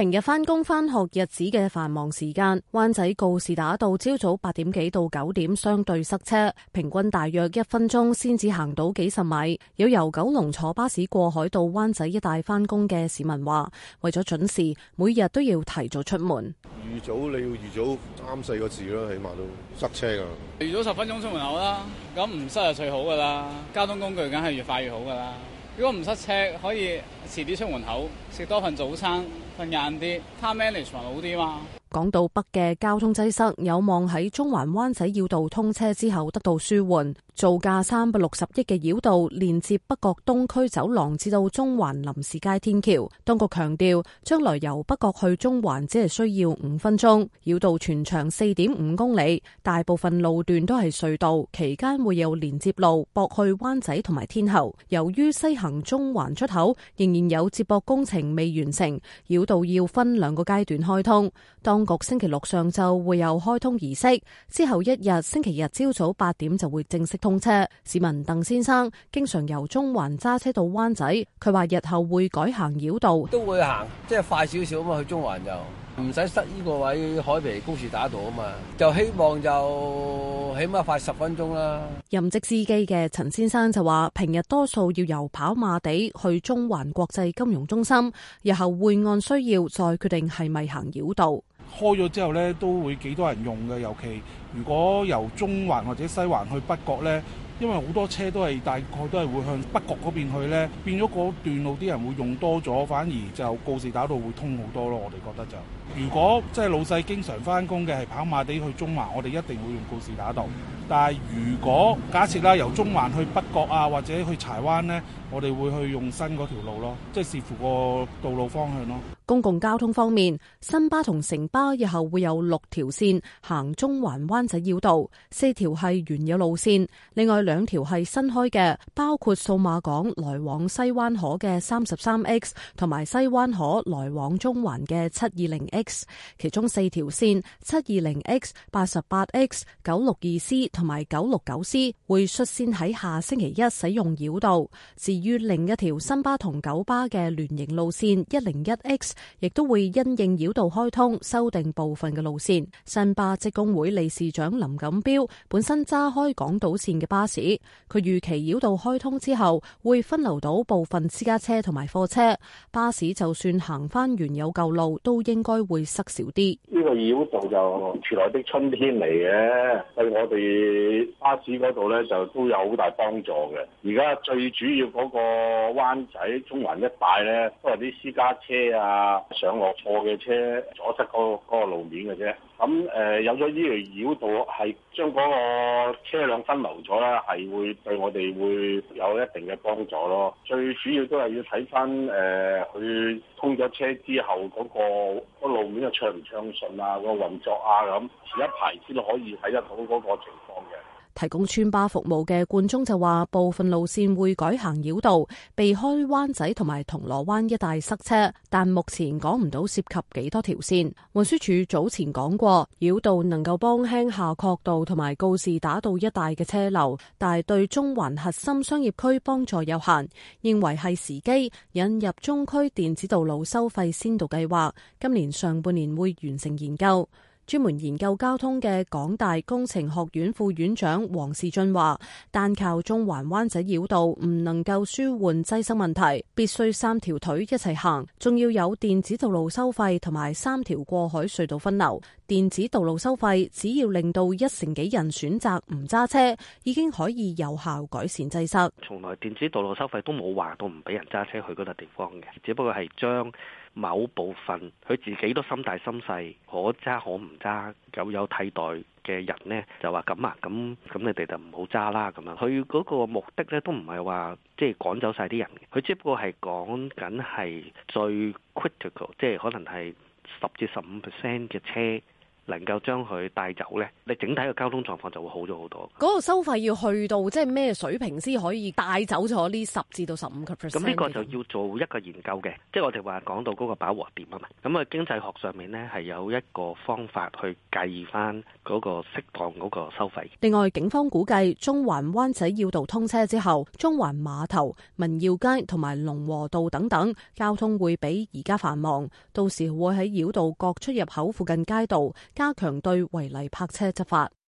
平日返工返學日子嘅繁忙時間，灣仔告士打道朝早八點幾到九點，相對塞車，平均大約一分鐘先至行到幾十米。有由九龍坐巴士過海到灣仔一帶返工嘅市民話，為咗準時，每日都要提早出門。預早你要預早三四個字啦，起碼都塞車噶。預早十分鐘出門口啦，咁唔塞就最好噶啦。交通工具梗係越快越好噶啦。如果唔塞車，可以遲啲出門口，食多份早餐，瞓晏啲，time management 好啲嘛。港島北嘅交通擠塞，有望喺中環灣仔繞道通車之後得到舒緩。造價三百六十億嘅繞道連接北角東區走廊至到中環臨時街天橋。當局強調，將來由北角去中環只係需要五分鐘。繞道全長四點五公里，大部分路段都係隧道。期間會有連接路駁去灣仔同埋天后。由於西行中環出口仍然有接駁工程未完成，繞道要分兩個階段開通。當當局星期六上晝會有開通儀式，之後一日星期日朝早八點就會正式通車。市民鄧先生經常由中環揸車到灣仔，佢話日後會改行繞道，都會行即係、就是、快少少啊。嘛，去中環就唔使塞呢個位海皮高士打道啊。嘛，就希望就起碼快十分鐘啦。任職司機嘅陳先生就話，平日多數要由跑馬地去中環國際金融中心，日後會按需要再決定係咪行繞道。開咗之後呢，都會幾多人用嘅。尤其如果由中環或者西環去北角呢，因為好多車都係大概都係會向北角嗰邊去呢，變咗嗰段路啲人會用多咗，反而就告士打道會通好多咯。我哋覺得就，如果即係老細經常返工嘅係跑馬地去中環，我哋一定會用告士打道。但係如果假設啦，由中環去北角啊，或者去柴灣呢，我哋會去用新嗰條路咯，即係視乎個道路方向咯。公共交通方面，新巴同城巴日後會有六條綫行中環灣仔繞道，四條係原有路綫，另外兩條係新開嘅，包括數碼港來往西灣河嘅三十三 X 同埋西灣河來往中環嘅七二零 X。其中四條綫七二零 X、八十八 X、九六二 C 同埋九六九 C 會率先喺下星期一使用繞道。至於另一條新巴同九巴嘅聯營路綫一零一 X。亦都會因應繞道開通，修訂部分嘅路線。新巴職工會理事長林錦標本身揸開港島線嘅巴士，佢預期繞道開通之後，會分流到部分私家車同埋貨車，巴士就算行返原有舊路，都應該會塞少啲。個繞道就遲來的春天嚟嘅，對我哋巴士嗰度咧就都有好大幫助嘅。而家最主要嗰個灣仔中環一帶咧，都係啲私家車啊上落錯嘅車阻塞嗰、嗰、嗰、個嗰個路面嘅啫。咁誒有咗呢條繞道係將嗰個車輛分流咗咧，係會對我哋會有一定嘅幫助咯。最主要都係要睇翻誒佢通咗車之後嗰、嗰個路面又暢唔暢順。啊個運作啊咁，遲一排先可以睇得到嗰個情況嘅。提供村巴服務嘅冠忠就話，部分路線會改行繞道，避開灣仔同埋銅鑼灣一帶塞車，但目前講唔到涉及幾多條線。運輸署早前講過，繞道能夠幫輕夏慤道同埋告士打道一帶嘅車流，但係對中環核心商業區幫助有限。認為係時機引入中區電子道路收費先導計劃，今年上半年會完成研究。專門研究交通嘅港大工程學院副院長黃士俊話：，單靠中環灣仔繞道唔能夠舒緩擠塞問題，必須三條腿一齊行，仲要有電子道路收費同埋三條過海隧道分流。電子道路收費只要令到一成幾人選擇唔揸車，已經可以有效改善擠塞。從來電子道路收費都冇話到唔俾人揸車去嗰笪地方嘅，只不過係將。某部分佢自己都心大心細，可揸可唔揸，有有替代嘅人咧就話咁啊，咁咁你哋就唔好揸啦咁樣，佢嗰個目的咧都唔係話即係趕走晒啲人，佢只不過係講緊係最 critical，即係可能係十至十五 percent 嘅車。能夠將佢帶走呢，你整體嘅交通狀況就會好咗好多。嗰個收費要去到即係咩水平先可以帶走咗呢十至到十五個 percent？咁呢個就要做一個研究嘅，即係我哋話講到嗰個飽和點啊嘛。咁啊，那個、經濟學上面呢，係有一個方法去計翻嗰個適當嗰個收費。另外，警方估計中環灣仔繞道通車之後，中環碼頭、民耀街同埋龍和道等等交通會比而家繁忙，到時會喺繞道各出入口附近街道。加強對違例泊車執法。